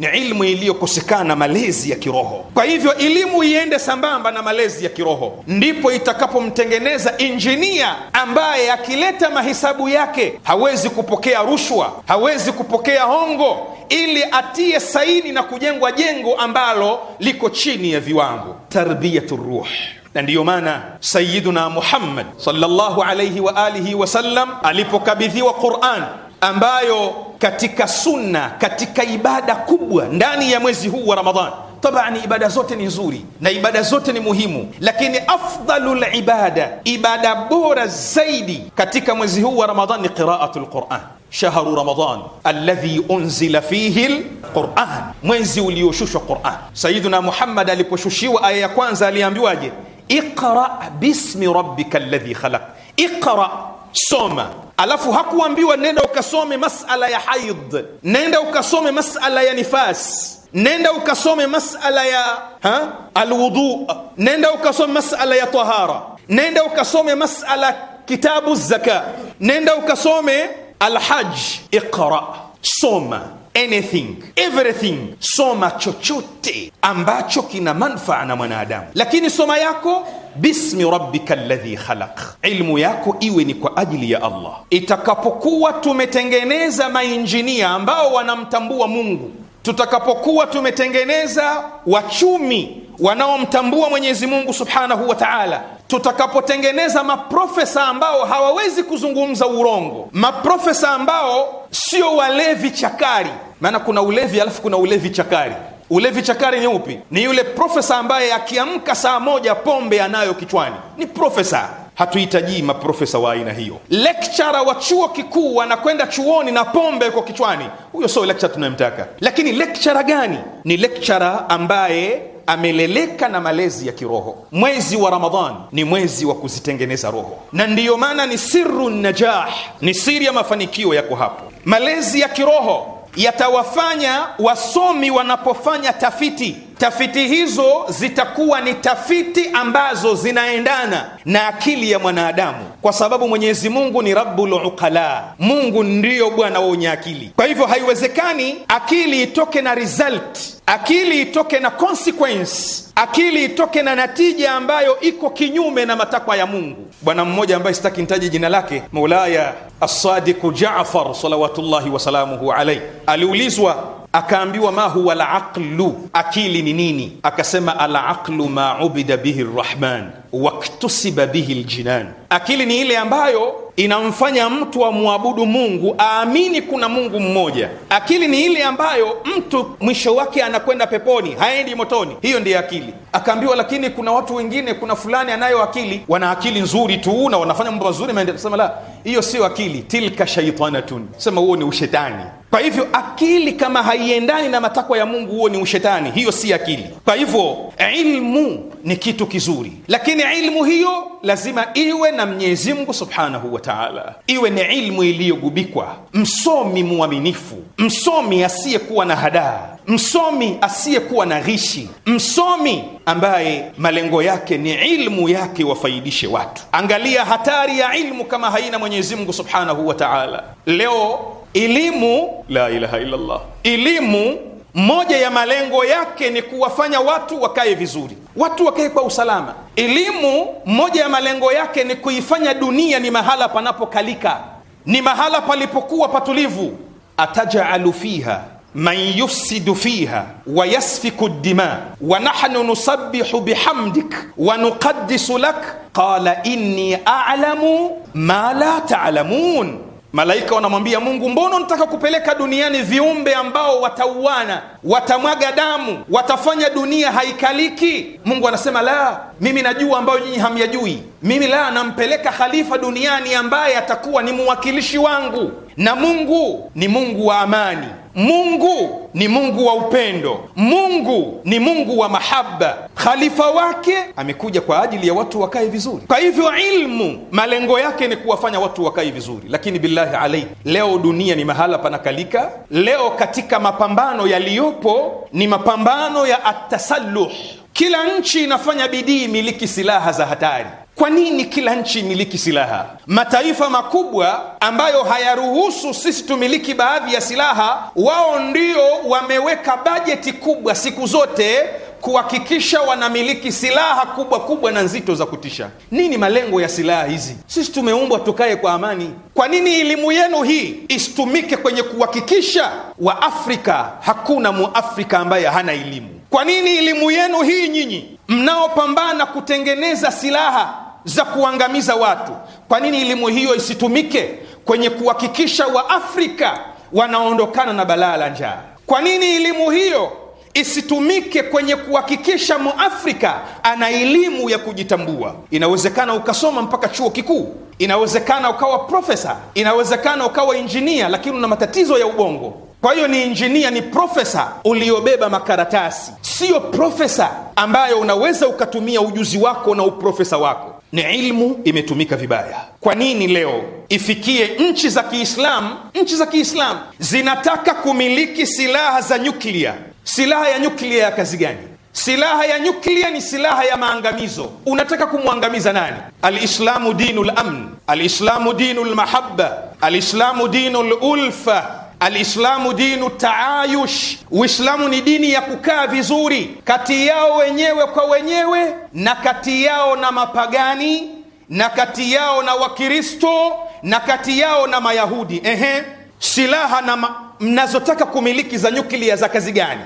Speaker 5: ni ilmu iliyokosekana malezi ya kiroho. Kwa hivyo elimu iende sambamba na malezi ya kiroho, ndipo itakapomtengeneza injinia ambaye akileta mahesabu yake hawezi kupokea rushwa, hawezi kupokea hongo, ili atie saini na kujengwa jengo ambalo liko chini ya viwango. Tarbiyatu ruh na ndiyo maana Sayiduna Muhammad sallallahu alaihi wa alihi wasallam alipokabidhiwa Quran ambayo katika sunna, katika ibada kubwa ndani ya mwezi huu wa Ramadhani. Tabani, ibada zote ni nzuri na ibada zote ni muhimu, lakini afdalul ibada, ibada bora zaidi katika mwezi huu wa Ramadhani ni qiraatul Quran. Shahru Ramadan alladhi unzila fihi lquran, mwezi ulioshushwa Quran. Sayiduna Muhammad aliposhushiwa aya ya kwanza aliambiwaje? Iqra bismi rabbika alladhi khalaq, iqra soma. Alafu hakuambiwa nenda ukasome masala ya haidh, nenda ukasome masala ya nifas nenda ukasome masala ya ha? alwudu, nenda ukasome masala ya tahara, nenda ukasome masala kitabu zaka, nenda ukasome alhaj. Iqra, soma anything everything, soma chochote ambacho kina manfaa na mwanadamu, lakini soma yako bismi rabbika alladhi khalaq, ilmu yako iwe ni kwa ajili ya Allah. Itakapokuwa tumetengeneza mainjinia ambao wanamtambua Mungu, tutakapokuwa tumetengeneza wachumi wanaomtambua Mwenyezi Mungu subhanahu wa taala, tutakapotengeneza maprofesa ambao hawawezi kuzungumza urongo, maprofesa ambao sio walevi chakari, maana kuna ulevi alafu kuna ulevi chakari Ule vichakari upi? ni yule profesa ambaye akiamka saa moja pombe anayo kichwani, ni profesa. Hatuhitajii maprofesa wa aina hiyo. Lekchara wa chuo kikuu anakwenda chuoni na pombe kwa kichwani, huyo sio lekchara tunayemtaka. Lakini lekchara gani? Ni lekchara ambaye ameleleka na malezi ya kiroho. Mwezi wa Ramadhan ni mwezi wa kuzitengeneza roho, na ndiyo maana ni siru najah, ni siri ya mafanikio yako hapo, malezi ya kiroho yatawafanya wasomi wanapofanya tafiti tafiti hizo zitakuwa ni tafiti ambazo zinaendana na akili ya mwanadamu, kwa sababu Mwenyezi Mungu ni rabbul uqala, Mungu ndiyo bwana wa wenye akili. Kwa hivyo haiwezekani akili itoke na result, akili itoke na consequence, akili itoke na natija ambayo iko kinyume na matakwa ya Mungu. Bwana mmoja ambaye sitaki nitaje jina lake, Maulaya Assadiku jafar salawatullahi wasalamuhu alaihi, aliulizwa Akaambiwa ma huwa laqlu, akili ni nini? Akasema alaqlu ma ubida bihi rrahman waktusiba bihi ljinan, akili ni ile ambayo inamfanya mtu amwabudu Mungu, aamini kuna Mungu mmoja. Akili ni ile ambayo mtu mwisho wake anakwenda peponi, haendi motoni. Hiyo ndiyo akili. Akaambiwa lakini kuna watu wengine, kuna fulani anayo akili, wana akili nzuri tu na wanafanya mambo mazuri. Sema la, hiyo sio akili, tilka shaitanatun, sema huo ni ushetani. Kwa hivyo akili kama haiendani na matakwa ya Mungu, huo ni ushetani, hiyo si akili. Kwa hivyo ilmu ni kitu kizuri, lakini ilmu hiyo lazima iwe na Mwenyezi Mungu subhanahu wa taala, iwe ni ilmu iliyogubikwa, msomi muaminifu, msomi asiyekuwa na hadaa, msomi asiyekuwa na ghishi, msomi ambaye malengo yake ni ilmu yake wafaidishe watu. Angalia hatari ya ilmu kama haina Mwenyezi Mungu subhanahu wa taala leo Elimu,
Speaker 3: la ilaha illallah.
Speaker 5: Elimu moja ya malengo yake ni kuwafanya watu wakae vizuri, watu wakae kwa usalama. Elimu moja ya malengo yake ni kuifanya dunia ni mahala panapokalika, ni mahala palipokuwa patulivu. Atajalu fiha man yufsidu fiha wa yasfiku dima wa nahnu nusabbihu bihamdik wa nuqaddisu lak qala inni a'lamu ma la ta'lamun ta Malaika wanamwambia Mungu, mbona unataka kupeleka duniani viumbe ambao watauana, watamwaga damu, watafanya dunia haikaliki? Mungu anasema la, mimi najua ambayo nyinyi hamyajui. Mimi la, nampeleka khalifa duniani ambaye atakuwa ni mwakilishi wangu, na Mungu ni Mungu wa amani. Mungu ni Mungu wa upendo, Mungu ni Mungu wa mahaba. Khalifa wake amekuja kwa ajili ya watu wakae vizuri. Kwa hivyo, ilmu malengo yake ni kuwafanya watu wakae vizuri, lakini billahi alaik, leo dunia ni mahala panakalika. Leo katika mapambano yaliyopo ni mapambano ya atasaluh Kila nchi inafanya bidii miliki silaha za hatari kwa nini kila nchi imiliki silaha? Mataifa makubwa ambayo hayaruhusu sisi tumiliki baadhi ya silaha, wao ndio wameweka bajeti kubwa siku zote kuhakikisha wanamiliki silaha kubwa kubwa na nzito za kutisha. Nini malengo ya silaha hizi? Sisi tumeumbwa tukae kwa amani. Kwa nini elimu yenu hii isitumike kwenye kuhakikisha Waafrika, hakuna Muafrika ambaye hana elimu? Kwa nini elimu yenu hii nyinyi mnaopambana kutengeneza silaha za kuangamiza watu. Kwa nini elimu hiyo isitumike kwenye kuhakikisha Waafrika wanaondokana na balaa la njaa? Kwa nini elimu hiyo isitumike kwenye kuhakikisha Muafrika ana elimu ya kujitambua? Inawezekana ukasoma mpaka chuo kikuu, inawezekana ukawa profesa, inawezekana ukawa injinia, lakini una matatizo ya ubongo. Kwa hiyo ni injinia, ni profesa uliobeba makaratasi, siyo profesa ambayo unaweza ukatumia ujuzi wako na uprofesa wako ni ilmu imetumika vibaya. Kwa nini leo ifikie nchi za Kiislamu, nchi za Kiislamu zinataka kumiliki silaha za nyuklia? Silaha ya nyuklia ya kazi gani? Silaha ya nyuklia ni silaha ya maangamizo. Unataka kumwangamiza nani? Alislamu dinu lamn, alislamu dinu lmahabba, alislamu dinu lulfa Alislamu dinu taayush, Uislamu ni dini ya kukaa vizuri kati yao wenyewe kwa wenyewe na kati yao na mapagani na kati yao na Wakristo na kati yao na Mayahudi. Ehe, silaha na ma mnazotaka kumiliki za nyuklia za kazi gani?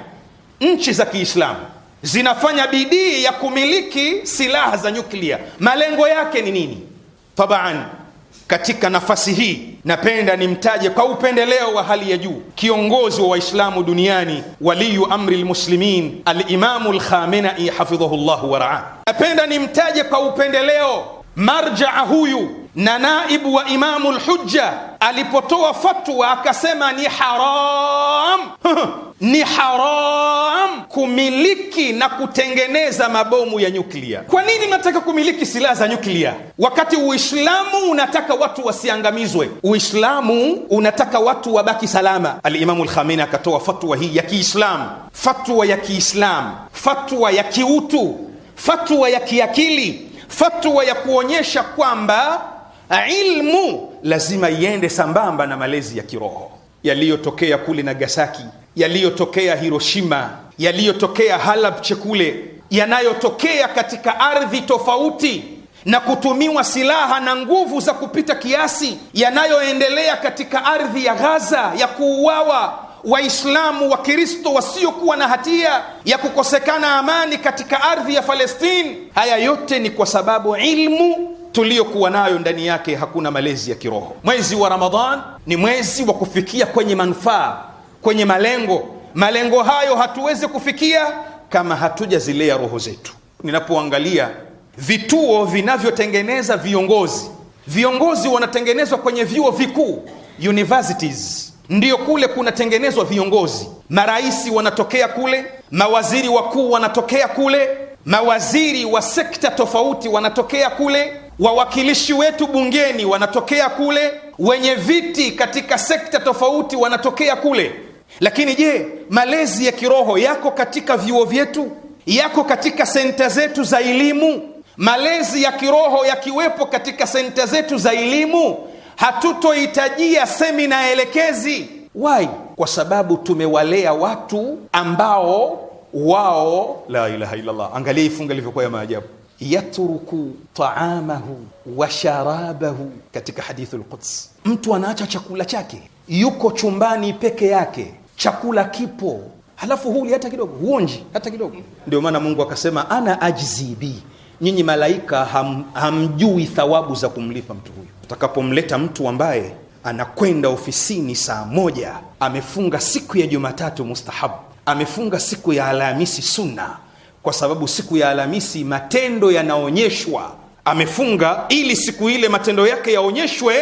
Speaker 5: Nchi za Kiislamu zinafanya bidii ya kumiliki silaha za nyuklia, malengo yake ni nini? Tabaan katika nafasi hii napenda nimtaje kwa upendeleo wa hali ya juu kiongozi wa Waislamu duniani, waliyu amri lmuslimin alimamu lkhamenai hafidhahu llahu waraa. Napenda nimtaje kwa upendeleo marjaa huyu na naibu wa Imamu Lhujja alipotoa fatwa akasema ni haram <laughs> ni haram kumiliki na kutengeneza mabomu ya nyuklia. Kwa nini mnataka kumiliki silaha za nyuklia wakati Uislamu unataka watu wasiangamizwe? Uislamu unataka watu wabaki salama. Alimamu Lkhamenei akatoa fatwa hii ya Kiislamu, fatwa ya Kiislamu, fatwa ya kiutu, fatwa ya kiakili, fatwa ya kuonyesha kwamba ilmu lazima iende sambamba na malezi ya kiroho yaliyotokea kule Nagasaki, yaliyotokea Hiroshima, yaliyotokea Halab chekule, yanayotokea katika ardhi tofauti na kutumiwa silaha na nguvu za kupita kiasi, yanayoendelea katika ardhi ya Gaza ya kuuawa Waislamu wa kristo wasiokuwa na hatia, ya kukosekana amani katika ardhi ya Falestini. Haya yote ni kwa sababu ilmu tuliyokuwa nayo ndani yake hakuna malezi ya kiroho. Mwezi wa Ramadhan ni mwezi wa kufikia kwenye manufaa, kwenye malengo. Malengo hayo hatuwezi kufikia kama hatujazilea roho zetu. Ninapoangalia vituo vinavyotengeneza viongozi, viongozi wanatengenezwa kwenye vyuo vikuu universities, ndiyo kule kunatengenezwa viongozi. Marais wanatokea kule, mawaziri wakuu wanatokea kule, mawaziri wa sekta tofauti wanatokea kule wawakilishi wetu bungeni wanatokea kule, wenye viti katika sekta tofauti wanatokea kule. Lakini je, malezi ya kiroho yako katika vyuo vyetu? Yako katika senta zetu za elimu? Malezi ya kiroho yakiwepo katika senta zetu za elimu, hatutohitajia semina elekezi. Why? Kwa sababu tumewalea watu ambao wao, la ilaha illallah. Angalia ifunga ilivyokuwa ya maajabu yatruku taamahu wa sharabahu, katika hadithu lquds, mtu anaacha chakula chake, yuko chumbani peke yake, chakula kipo, halafu huli hata kidogo, huonji hata kidogo. Ndio maana Mungu akasema ana ajzi bi Nyinyi malaika ham, hamjui thawabu za kumlipa mtu huyu. Utakapomleta mtu ambaye anakwenda ofisini saa moja, amefunga siku ya Jumatatu mustahabu, amefunga siku ya Alhamisi sunna, kwa sababu siku ya Alhamisi matendo yanaonyeshwa. Amefunga ili siku ile matendo yake yaonyeshwe,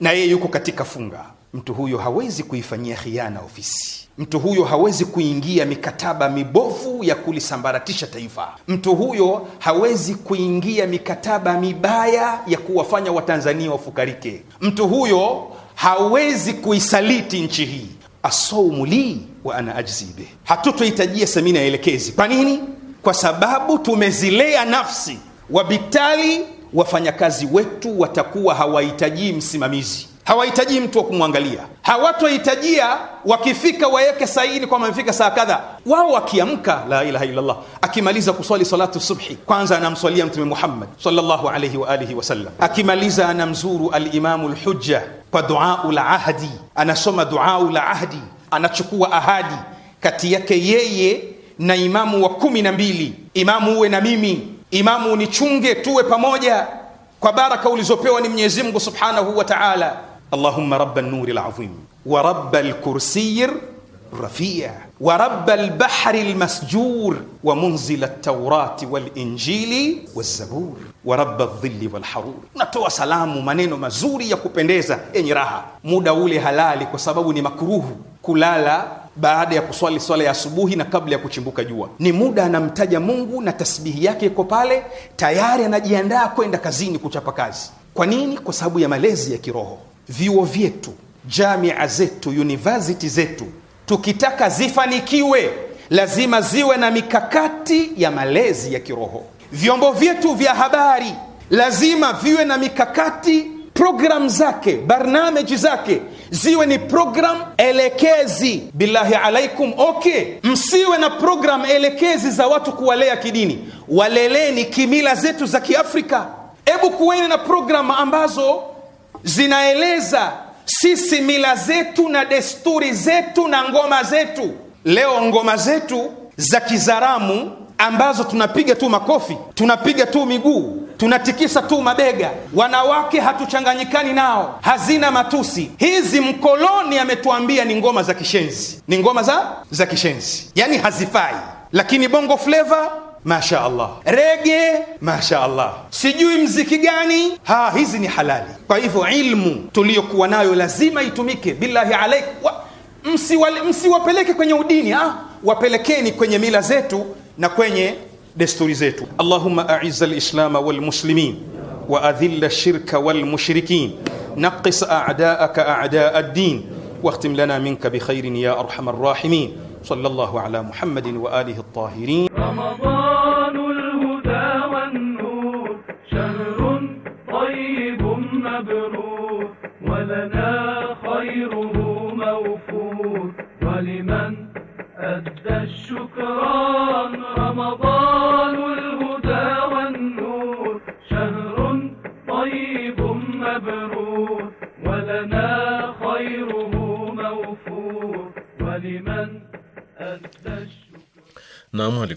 Speaker 5: na yeye yuko katika funga. Mtu huyo hawezi kuifanyia khiana ofisi. Mtu huyo hawezi kuingia mikataba mibovu ya kulisambaratisha taifa. Mtu huyo hawezi kuingia mikataba mibaya ya kuwafanya Watanzania wafukarike. Mtu huyo hawezi kuisaliti nchi hii. asaumu lii wa ana ajzibe, bih. Hatutohitajia semina ya elekezi. Kwa nini? kwa sababu tumezilea nafsi, wabitali wafanyakazi wetu watakuwa hawahitajii msimamizi, hawahitajii mtu wa kumwangalia, hawatohitajia wakifika waweke saini kwamba amefika saa kadha. Wao wakiamka, la ilaha illallah, akimaliza kuswali salatu subhi, kwanza anamswalia Mtume Muhammad sallallahu alaihi wa alihi wasallam, akimaliza anamzuru alimamu lhujja kwa duau la ahdi, anasoma duau la ahdi, anachukua ahadi kati yake yeye na imamu wa kumi na mbili. Imamu uwe na mimi, imamu unichunge, tuwe pamoja kwa baraka ulizopewa ni Mwenyezi Mungu subhanahu wa taala. Allahumma rabba nuri lazim wa rabba lkursiyi rafia wa rabba lbahri lmasjur wa munzila taurati walinjili wazabur wa rabba dhilli walharur. Unatoa salamu, maneno mazuri ya kupendeza yenye raha, muda ule halali, kwa sababu ni makuruhu kulala baada ya kuswali swala ya asubuhi na kabla ya kuchimbuka jua, ni muda anamtaja Mungu na tasbihi yake iko pale tayari, anajiandaa kwenda kazini kuchapa kazi. Kwa nini? Kwa sababu ya malezi ya kiroho. Vyuo vyetu, jamia zetu, univesiti zetu, tukitaka zifanikiwe lazima ziwe na mikakati ya malezi ya kiroho. Vyombo vyetu vya habari lazima viwe na mikakati, programu zake, barnameji zake ziwe ni program elekezi. Billahi alaikum, okay, msiwe na program elekezi za watu kuwalea kidini, waleleni kimila zetu za Kiafrika. Hebu kuweni na programu ambazo zinaeleza sisi mila zetu na desturi zetu na ngoma zetu. Leo ngoma zetu za Kizaramu ambazo tunapiga tu makofi, tunapiga tu miguu tunatikisa tu mabega. Wanawake hatuchanganyikani nao, hazina matusi. Hizi mkoloni ametuambia ni ngoma za kishenzi, ni ngoma za za kishenzi, yani hazifai. Lakini bongo fleva Masha Allah, rege masha Allah, sijui mziki gani ha, hizi ni halali. Kwa hivyo ilmu tuliyokuwa nayo lazima itumike. Billahi alaik, msiwapeleke msi kwenye udini ha? Ah, wapelekeni kwenye mila zetu na kwenye desturi zetu. Allahumma a'izza al-islama wal muslimin wa adhilla shirka wal mushrikin نقص أعداءك أعداء الدين واختم لنا منك بخير يا أرحم الراحمين صلى الله على محمد وآله الطاهرين
Speaker 4: رمضان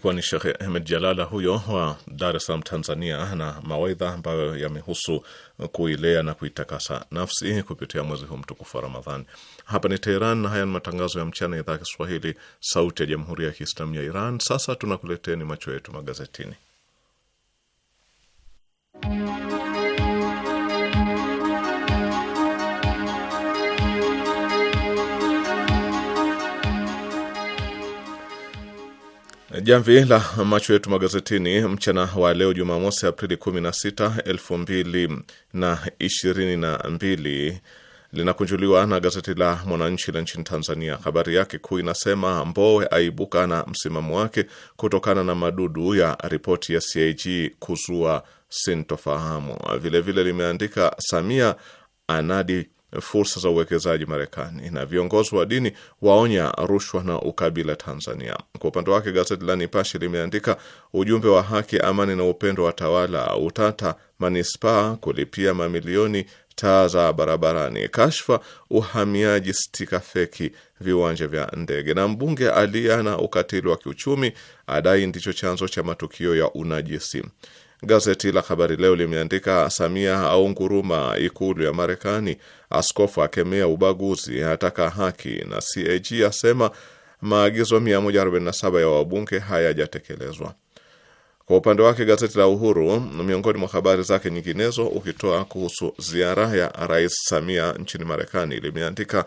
Speaker 3: alikuwa ni Shekhe Ahmed Jalala huyo wa Dar es Salaam, Tanzania, na mawaidha ambayo yamehusu kuilea na kuitakasa nafsi kupitia mwezi huu mtukufu wa Ramadhani. Hapa ni Teheran na haya ni matangazo ya mchana, idhaa ya Kiswahili, sauti ya jamhuri ya kiislamu ya Iran. Sasa tunakuleteni macho yetu magazetini. Jamvi la macho yetu magazetini mchana wa leo Jumamosi, Aprili 16, 2022 linakunjuliwa na gazeti la Mwananchi la nchini Tanzania. Habari yake kuu inasema Mbowe aibuka na msimamo wake kutokana na madudu ya ripoti ya CAG kuzua sintofahamu. Vilevile limeandika Samia anadi fursa za uwekezaji Marekani, na viongozi wa dini waonya rushwa na ukabila Tanzania. Kwa upande wake, gazeti la Nipashe limeandika ujumbe wa haki, amani na upendo wa tawala, utata manispaa kulipia mamilioni taa za barabarani, kashfa uhamiaji, stika feki viwanja vya ndege, na mbunge alia na ukatili wa kiuchumi, adai ndicho chanzo cha matukio ya unajisi. Gazeti la Habari Leo limeandika Samia au nguruma ikulu ya Marekani, askofu akemea ubaguzi, anataka haki, na CAG asema maagizo 147 ya wabunge hayajatekelezwa. Kwa upande wake gazeti la Uhuru, miongoni mwa habari zake nyinginezo, ukitoa kuhusu ziara ya Rais Samia nchini Marekani, limeandika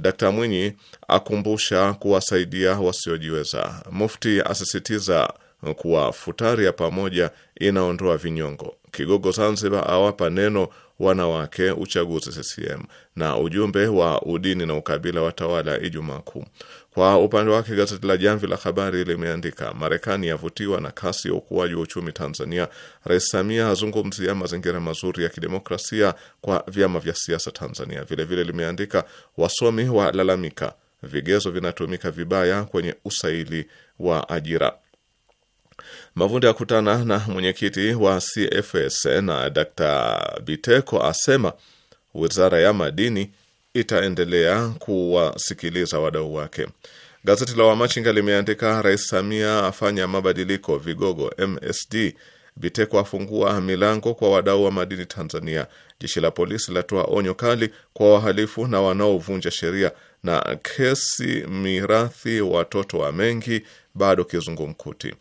Speaker 3: Dkt Mwinyi akumbusha kuwasaidia wasiojiweza, Mufti asisitiza kuwa futari ya pamoja inaondoa vinyongo. Kigogo Zanzibar awapa neno wanawake uchaguzi CCM na ujumbe wa udini na ukabila watawala Ijumaa Kuu. Kwa upande wake gazeti la Jamvi la Habari limeandika Marekani yavutiwa na kasi ya ukuaji wa uchumi Tanzania. Rais Samia azungumzia mazingira mazuri ya kidemokrasia kwa vyama vya siasa Tanzania. Vilevile vile limeandika wasomi walalamika, vigezo vinatumika vibaya kwenye usaili wa ajira. Mavunde akutana na mwenyekiti wa CFS na d Biteko asema wizara ya madini itaendelea kuwasikiliza wadau wake. Gazeti la Wamachinga limeandika Rais Samia afanya mabadiliko vigogo MSD, Biteko afungua milango kwa wadau wa madini Tanzania, jeshi la polisi latoa onyo kali kwa wahalifu na wanaovunja sheria, na kesi mirathi watoto wa mengi bado kizungumkuti.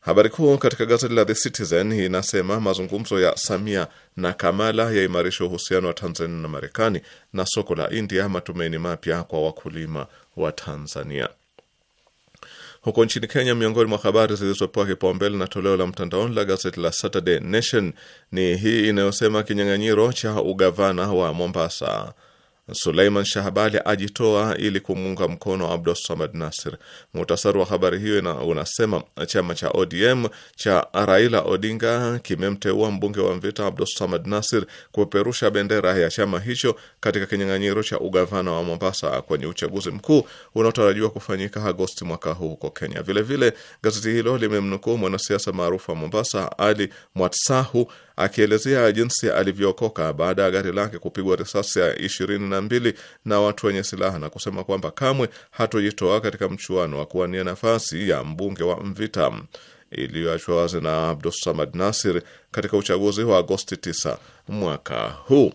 Speaker 3: Habari kuu katika gazeti la The Citizen inasema mazungumzo ya Samia na Kamala yaimarisha uhusiano wa Tanzania na Marekani, na soko la India matumaini mapya kwa wakulima wa Tanzania. Huko nchini Kenya, miongoni mwa habari zilizopewa kipaumbele na toleo la mtandaoni la gazeti la Saturday Nation ni hii inayosema kinyang'anyiro cha ugavana wa Mombasa Suleiman Shahbali ajitoa ili kumuunga mkono Samad Nasir. Muhtasari wa habari hiyo unasema chama cha ODM cha Raila Odinga kimemteua mbunge wa Mvita Samad Nasir kupeperusha bendera ya chama hicho katika kinyang'anyiro cha ugavana wa Mombasa kwenye uchaguzi mkuu unaotarajiwa kufanyika Agosti mwaka huu huko Kenya. Vilevile vile, gazeti hilo limemnukuu mwanasiasa maarufu wa Mombasa Ali Mwatsahu akielezea jinsi alivyookoka baada ya gari lake kupigwa risasi ya ishirini na mbili na watu wenye silaha na kusema kwamba kamwe hatojitoa katika mchuano wa kuwania nafasi ya mbunge wa Mvita iliyoachwa wazi na Abdussamad Nasir katika uchaguzi wa Agosti 9 mwaka huu.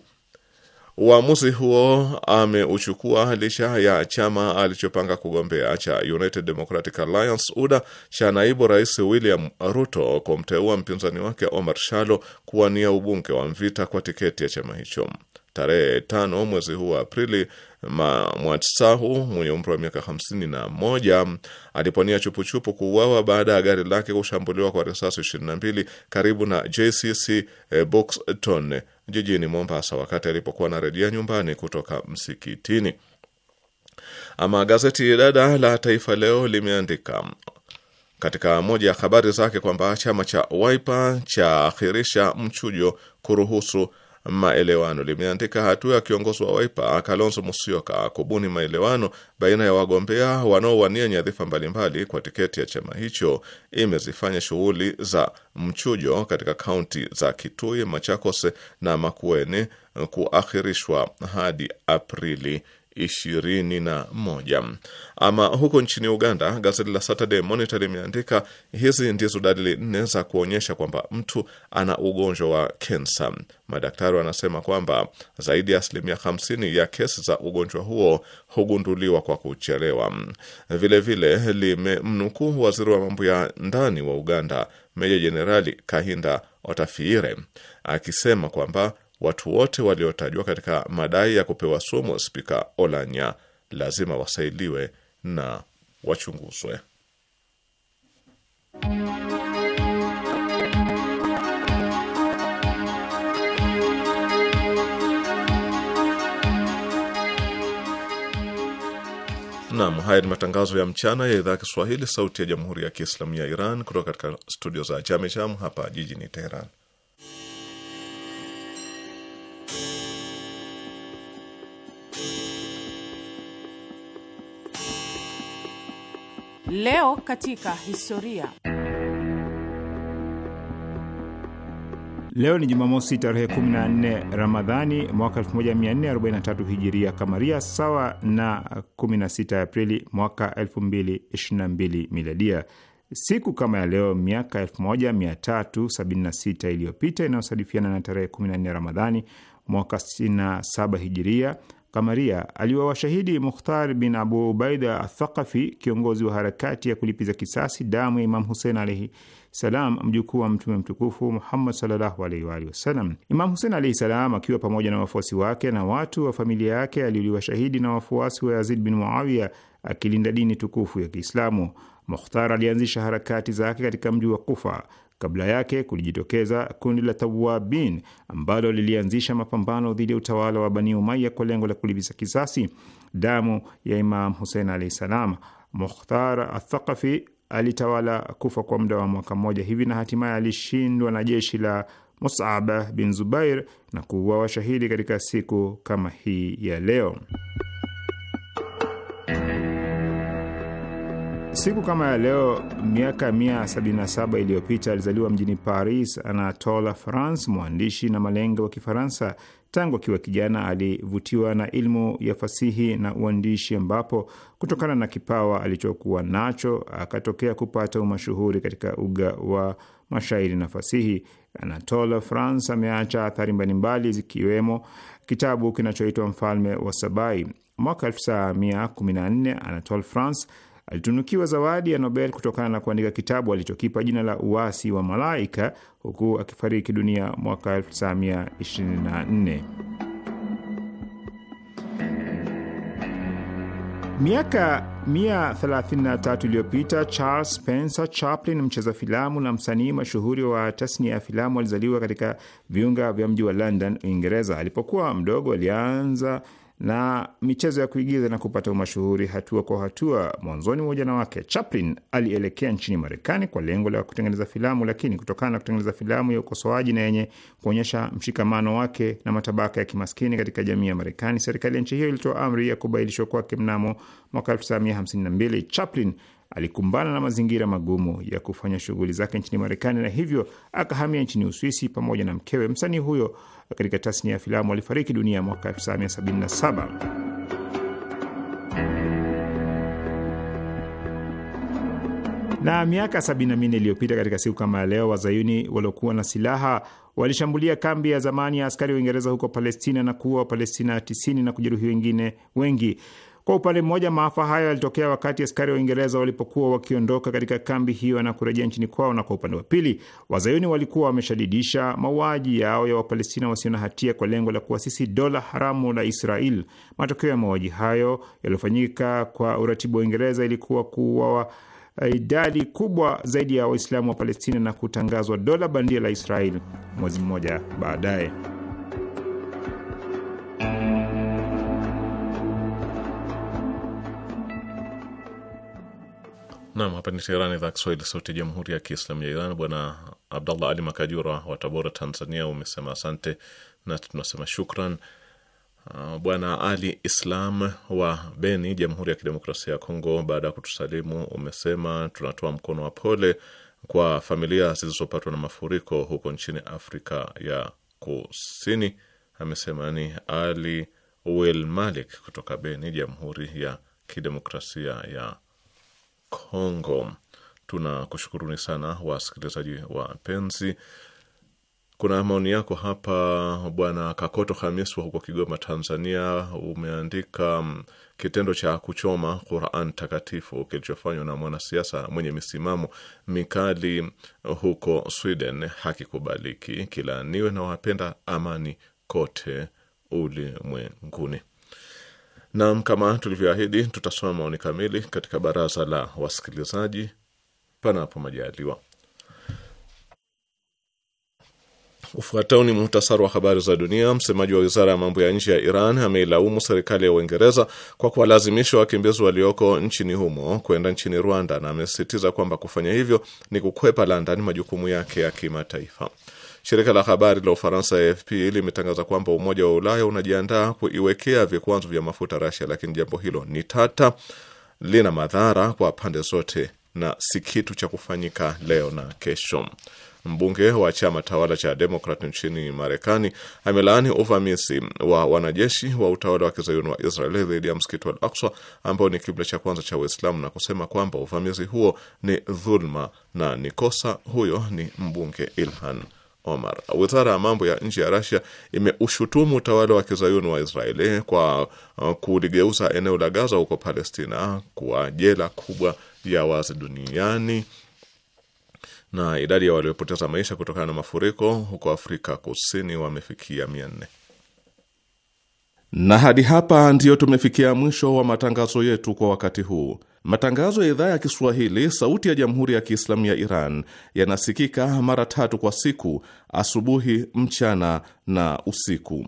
Speaker 3: Uamuzi huo ameuchukua licha ya chama alichopanga kugombea cha United Democratic Alliance UDA cha naibu rais William Ruto kumteua mpinzani wake Omar Shalo kuwania ubunge wa Mvita kwa tiketi ya chama hicho tarehe tano mwezi huu wa Aprili, Mwatsahu mwenye umri wa miaka hamsini na moja aliponia chupuchupu kuuawa baada ya gari lake kushambuliwa kwa risasi 22 karibu na JCC eh, Boxton jijini Mombasa wakati alipokuwa anarejea nyumbani kutoka msikitini. Ama gazeti dada la Taifa Leo limeandika katika moja ya habari zake kwamba chama cha Wiper cha akhirisha mchujo kuruhusu maelewano limeandika hatua ya kiongozi wa Waipa Kalonzo Musyoka kubuni maelewano baina ya wagombea wanaowania nyadhifa mbalimbali kwa tiketi ya chama hicho imezifanya shughuli za mchujo katika kaunti za Kitui, Machakos na Makueni kuakhirishwa hadi Aprili ishirini na moja. Ama huko nchini Uganda, gazeti la Saturday Monitor limeandika hizi ndizo dalili nne za kuonyesha kwamba mtu ana ugonjwa wa kensa. Madaktari wanasema kwamba zaidi ya asilimia 50 ya kesi za ugonjwa huo hugunduliwa kwa kuchelewa. Vilevile limemnukuu waziri wa mambo ya ndani wa Uganda, Meja Jenerali Kahinda Otafiire akisema kwamba watu wote waliotajwa katika madai ya kupewa sumu Spika Olanya lazima wasailiwe na wachunguzwe. Nam, haya ni matangazo ya mchana ya idhaa ya Kiswahili, sauti ya jamhuri ya kiislamu ya Iran, kutoka katika studio za Jamejam hapa jijini Teheran.
Speaker 5: Leo katika historia.
Speaker 1: Leo ni Jumamosi tarehe 14 Ramadhani mwaka 1443 hijiria kamaria, sawa na 16 Aprili mwaka 2022 miladia. Siku kama ya leo miaka 1376 iliyopita inayosadifiana na tarehe 14 Ramadhani mwaka 67 hijiria, Kamaria aliwawashahidi Mukhtar bin Abu Ubaida Athaqafi, kiongozi wa harakati ya kulipiza kisasi damu ya Imam Husein alaihi salam, mjukuu wa Mtume mtukufu Muhammad sallallahu alaihi wa alihi Imam Husein alaihi salam akiwa pamoja na wafuasi wake na watu wa familia yake aliuliwa shahidi na wafuasi wa Yazid bin Muawiya akilinda dini tukufu ya Kiislamu. Mukhtar alianzisha harakati zake katika mji wa Kufa Kabla yake kulijitokeza kundi la Tawabin ambalo lilianzisha mapambano dhidi ya utawala wa Bani Umaya kwa lengo la kulipiza kisasi damu ya Imam Husein alahi salam. Mukhtar Athaqafi alitawala Kufa kwa muda wa mwaka mmoja hivi na hatimaye alishindwa na jeshi la Musab bin Zubair na kuuawa shahidi katika siku kama hii ya leo. Siku kama ya leo miaka 177 iliyopita alizaliwa mjini Paris Anatola France, mwandishi na malenga wa Kifaransa. Tangu akiwa kijana alivutiwa na ilmu ya fasihi na uandishi, ambapo kutokana na kipawa alichokuwa nacho akatokea kupata umashuhuri katika uga wa mashairi na fasihi. Anatole France ameacha athari mbalimbali zikiwemo kitabu kinachoitwa Mfalme wa Sabai. Mwaka 1914 Anatole France Alitunukiwa zawadi ya Nobel kutokana na kuandika kitabu alichokipa jina la Uasi wa Malaika, huku akifariki dunia mwaka 1924. Miaka 133 iliyopita Charles Spencer Chaplin, mcheza filamu na msanii mashuhuri wa tasnia ya filamu, alizaliwa katika viunga vya mji wa London, Uingereza. Alipokuwa mdogo, alianza na michezo ya kuigiza na kupata umashuhuri hatua kwa hatua. Mwanzoni mwa ujana wake, Chaplin alielekea nchini Marekani kwa lengo la kutengeneza filamu, lakini kutokana na kutengeneza filamu ya ukosoaji na yenye kuonyesha mshikamano wake na matabaka ya kimaskini katika jamii ya Marekani, serikali ya nchi hiyo ilitoa amri ya kubailishwa kwake mnamo mwaka 1952. Chaplin alikumbana na mazingira magumu ya kufanya shughuli zake nchini Marekani na hivyo akahamia nchini Uswisi pamoja na mkewe. Msanii huyo katika tasnia ya filamu alifariki dunia mwaka 1977. Na miaka 74 iliyopita katika siku kama ya leo, wazayuni waliokuwa na silaha walishambulia kambi ya zamani ya askari wa Uingereza huko Palestina na kuua Wapalestina 90 na kujeruhi wengine wengi. Kwa upande mmoja, maafa hayo yalitokea wakati askari wa Uingereza walipokuwa wakiondoka katika kambi hiyo na kurejea nchini kwao, na kwa upande wa pili, wazayuni walikuwa wameshadidisha mauaji yao ya Wapalestina wasio na hatia kwa lengo la kuasisi dola haramu la Israel. Matokeo ya mauaji hayo yaliyofanyika kwa uratibu wa Uingereza ilikuwa kuuawa eh, idadi kubwa zaidi ya Waislamu wa Palestina na kutangazwa dola bandia la Israel mwezi mmoja baadaye.
Speaker 3: Nam, hapa ni Teherani, idhaa Kiswahili, sauti ya jamhuri ya kiislamu ya Iran. Bwana Abdallah Ali Makajura wa Tabora, Tanzania, umesema asante na tunasema shukran. Ah, Bwana Ali Islam wa Beni, jamhuri ya kidemokrasia ya Kongo, baada ya kutusalimu umesema tunatoa mkono wa pole kwa familia zilizopatwa na mafuriko huko nchini Afrika ya Kusini. Amesema ni Ali Uel Malik kutoka Beni, jamhuri ya kidemokrasia ya Kongo. Tunakushukuruni sana wasikilizaji wapenzi. Kuna maoni yako hapa. Bwana Kakoto Hamis wa huko Kigoma, Tanzania, umeandika mm, kitendo cha kuchoma Quran takatifu kilichofanywa na mwanasiasa mwenye misimamo mikali huko Sweden hakikubaliki, niwe na wapenda amani kote ulimwenguni. Naam, kama tulivyoahidi, tutasoma maoni kamili katika baraza la wasikilizaji panapo majaliwa. Ufuatao ni muhtasari wa habari za dunia. Msemaji wa wizara ya mambo ya nje ya Iran ameilaumu serikali ya Uingereza kwa kuwalazimisha wakimbizi walioko nchini humo kwenda nchini Rwanda na amesisitiza kwamba kufanya hivyo ni kukwepa London majukumu yake ya kimataifa. Shirika la habari la Ufaransa AFP limetangaza kwamba Umoja wa Ulaya unajiandaa kuiwekea vikwazo vya mafuta Rasia, lakini jambo hilo ni tata, lina madhara kwa pande zote na si kitu cha kufanyika leo na kesho. Mbunge wa chama tawala cha Demokrat nchini Marekani amelaani uvamizi wa wanajeshi wa utawala wa kizayuni wa Israeli dhidi ya msikiti wa Al-Aqsa ambao ni kibla cha kwanza cha Uislamu na kusema kwamba uvamizi huo ni dhulma na ni kosa. Huyo ni mbunge Ilhan Omar. Wizara ya mambo ya nje ya Russia imeushutumu utawala wa kizayuni wa Israeli kwa uh, kuligeuza eneo la Gaza huko Palestina kuwa jela kubwa ya wazi duniani na idadi ya waliopoteza maisha kutokana na mafuriko huko Afrika Kusini wamefikia mia nne. Na hadi hapa ndiyo tumefikia mwisho wa matangazo yetu kwa wakati huu. Matangazo ya idhaa ya Kiswahili sauti ya Jamhuri ya Kiislamu ya Iran yanasikika mara tatu kwa siku: asubuhi, mchana na usiku.